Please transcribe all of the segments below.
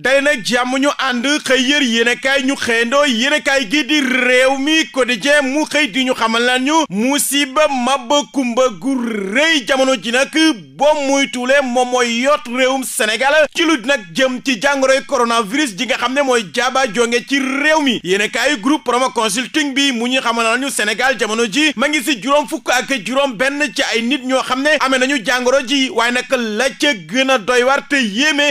dali nag jàmm ñu ànd xëy yër yéenekaay ñu xëyandoo yéenekaay gi di réew mi quotidien mu xëy di ñu xamal lan ñu musiba mabba kumba gu rëy jamono ji nag boo muy tuule moom mooy yot réewum Sénégal ci lu nag jëm ci jàngoroy coronavirus ji nga xam ne mooy jaaba jonge ci réew mi yéenekaay groupe promo consulting bi mu ñu xamal lan ñu Sénégal jamono ji ma ngi si juróom fukk ak juróom benn ci ay nit ñoo xam ne amee nañu jàngoro ji waaye nag la ca gën a doy wa te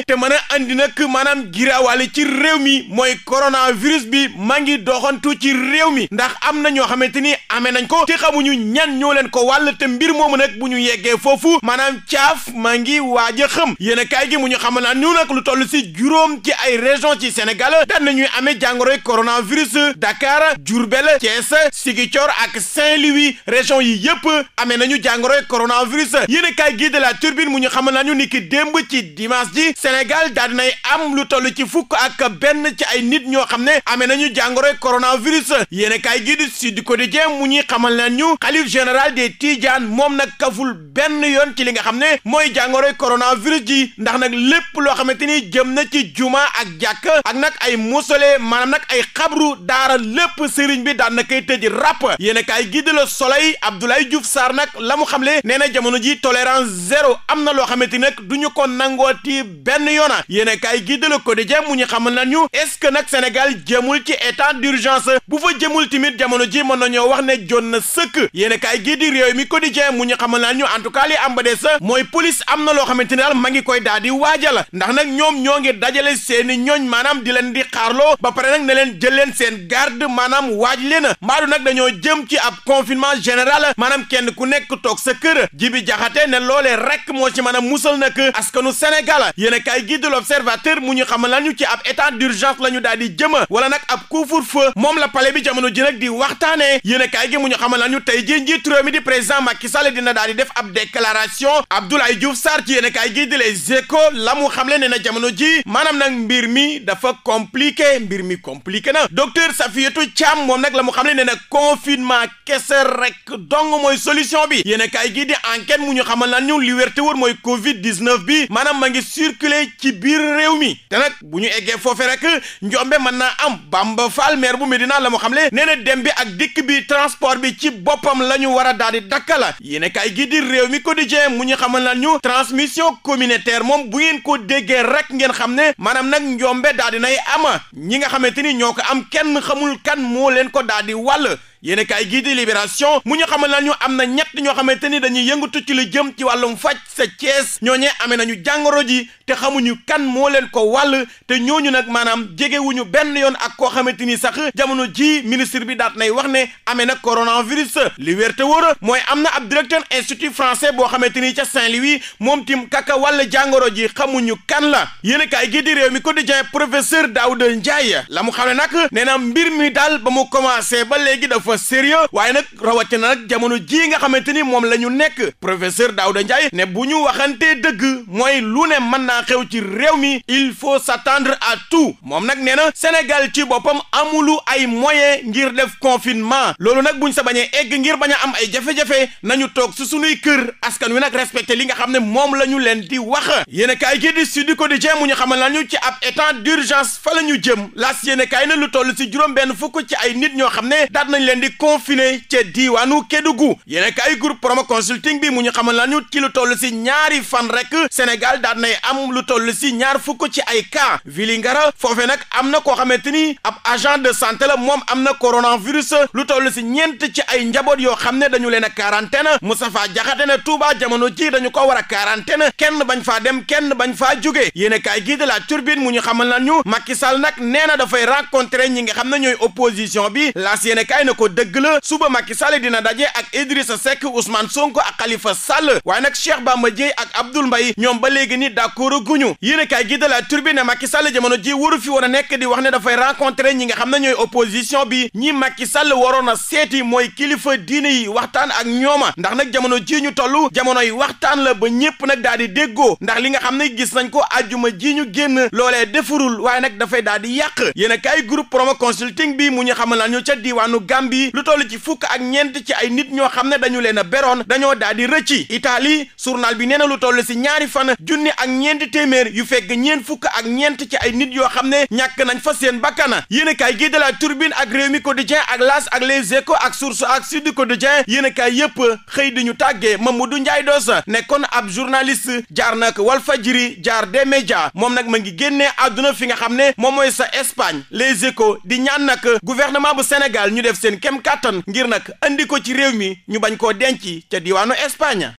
te mën a nag maanaam daan giraawaale ci réew mi mooy coronavirus bi maa ngi doxantu ci réew mi ndax am na ñoo xamante ni amee nañ ko te xamuñu ñan ñoo leen ko wàll te mbir moomu nag bu ñu yeggee foofu maanaam caaf maa ngi waaj a xam yéen gi mu ñu xamal naa ñu nag lu toll si juróom ci ay région ci Sénégal daan nañuy amee jàngoroy coronavirus Dakar Diourbel Thiès Ziguinchor ak Saint-Louis région yi yëpp amee nañu jàngoroy coronavirus yéen a kaay gi de la mu ñu xamal naa ñu ni démb ci dimanche ji Sénégal daal dinay am lu lu toll ci fukk ak benn ci ay nit ñoo xam ne amee nañu jàngoroy coronavirus yéen a kaay gii di Sud Quotidien mu ñuy xamal na ñu xalif général des Tidiane moom nag kaful benn yoon ci li nga xam ne mooy jàngoroy coronavirus ji ndax nag lépp loo xamante ni jëm na ci juma ak jàkk ak nag ay mosole maanaam nag ay xabru daara lépp sëriñ bi daan na koy tëj ràpp yéen a kaay gii di Le Soleil Abdoulaye Diouf Sarr nag la mu xamle nee na jamono ji tolérance zéro am na loo xamante ni nag du ñu ko benn yoona yéen le quotidien mu ñu xamal nañu est-ce nag Sénégal jëmul ci état d'urgence bu fa jëmul timit jamono ji mën nañoo wax ne jot na sëkk yéen kaay gii di réew mi quotidien mu ñu xamal nañu en tout cas li am ba des mooy police am na loo xamante ni daal ma ngi koy daal di waajal ndax nag ñoom ñoo ngi dajale seeni ñooñ maanaam di leen di xaarloo ba pare nag ne leen jël leen seen garde maanaam waaj leen mbaadu nag dañoo jëm ci ab confinement général maanaam kenn ku nekk toog sa kër jibi jaxate na loolee rek moo ci mën a musal nag askanu Sénégal yéen kaay gii di l'observateur ñu xamal la ñu ci ab état d'urgence la ñu daal di jëma wala nag ab couvre-feu moom la palais bi jamono ji nag di waxtaanee yenekaay kaay gi mu ñu xamal la ñu tey ji njiit réew mi di président Macky Sall dina daal di def ab déclaration Abdoulaye Diouf Sarr ci yéen kaay gi di Les Échos la xam le nee na jamono ji maanaam nag mbir mi dafa compliqué mbir mi compliqué na docteur Safiatou Thiam moom nag la mu xamle nee na confinement kese rek dong mooy solution bi yéen kaay gi di enquête mu ñu xamal la ñu li wérte wër mooy Covid 19 bi maanaam ma ngi circuler ci biir réew mi te nag bu ñu eggee foofe rek njombe mën naa am Bamba Fall maire bu naa la moo xam le nee na dem bi ak dikk bi transport bi ci boppam la ñu war a daal di dakka la yéen kay gi di réew mi quotidien mu ñu xamal lan ñu transmission communautaire moom bu ngeen ko déggee rek ngeen xam ne maanaam nag njombe daal di nay ama ñi nga xamante ni ñoo ko am kenn xamul kan moo leen ko daal di wàll yéen kaay gii di libération mu ñu xamal nañu am na ñett ñoo xamante ni dañuy yëngatu ci la jëm ci wàllum faj sa Cees ñooñee amee nañu jàngoro ji te xamuñu kan moo leen ko wàll te ñooñu nag maanaam jegewuñu benn yoon ak koo xamante ni sax jamono ji ministre bi daat nay wax ne amee na coronavirus li wér te wóor mooy am na ab directeur institut français boo xamante ni ca Saint-Louis moom tim kaka wàll jàngoro ji xamuñu kan la yéen kaay gii di réew mi quotidien professeur Daouda Ndiaye la mu xam ne nag nee na mbir mi daal ba mu commencé ba léegi dafa dafa sérieux waaye nag rawatina nag jamono jii nga xamante ni moom la ñu nekk professeur Daouda Ndiaye ne bu ñu waxantee dëgg mooy lu ne mën naa xew ci réew mi il faut s'attendre à tout moom nag nee na Sénégal ci boppam amulu ay moyen ngir def confinement loolu nag buñ sa bañee egg ngir bañ am ay jafe-jafe nañu toog si sunuy kër askan wi nag respecté li nga xam ne moom la ñu leen di wax yéen kaay gi di Sud Quotidien mu ñu xamal nañu ci ab état d'urgence fa ñu jëm laas yéen kaay na lu toll si juróom benn fukk ci ay nit ñoo xam ne daat nañ leen di confiner diwaanu diiwaanu Kédougou yéen ak ay groupe promo consulting bi mu ñu xamal la ñu ci lu toll si ñaari fan rek Sénégal daan nay am lu toll si ñaar fukk ci ay cas Vélingara foofee nag am na koo xamante ni ab agent de santé moom am na coronavirus lu toll si ñeent ci ay njaboot yoo xam ne dañu leen a musa Moustapha Diakhaté ne Touba jamono jii dañu ko war a quarantaine kenn bañ faa dem kenn bañ faa jóge yéen a kaay gii de la mu ñu xamal la mak Macky Sall nag nee na dafay rencontrer ñi nga xam ne ñooy opposition bi laas yéen dëgg la suba Macky Sall dina daje ak Idrissa Seck Ousmane Sonko ak Khalifa Sall waaye nag Cheikh Bamba Dièye ak Abdoul mbay ñoom ba léegi ni d'accord guñu yéen kaay gi de la na Macky Sall jamono ji waru fi war a nekk di wax na dafay rencontrer ñi nga xam ne ñooy opposition bi ñi Macky salle waroon a seeti mooy kilifa diine yi waxtaan ak ñooma ndax nag jamono ji ñu toll jamono yi waxtaan la ba ñëpp nag daal di déggoo ndax li nga xam ne gis nañ ko àjjuma ji ñu génn loolee defarul waaye nag dafay daal di yàq yéen kaay groupe promo consulting bi mu ñu xamal ñu ca diwaanu Gambie bi lu toll ci fukk ak ñeent ci ay nit ñoo xam ne dañu leen a beroon dañoo daal di rëcci itaali journal bi nee na lu toll si ñaari fan junni ak ñeent téeméer yu fekk ñeent fukk ak ñeent ci ay nit yoo xam ne ñàkk nañ fa seen bakkana yéenekaay gi de La Tribune ak Rewmi Quotidien ak L'As ak Les Échos ak Source ak Sud Quotidien yéenekaay yëpp xëy di ñu tàggee Mamadou Ndiaye Dossa nekkoon ab journaliste jaar nag Walfadjri jaar des médias moom nag ma ngi génnee àdduna fi nga xam ne moom mooy sa Espagne Les Échos di ñaan nag gouvernement bu Sénégal ñu def seen kem kàttan ngir nag andi ko ci réew mi ñu bañ koo denc ca diwaanu Espagne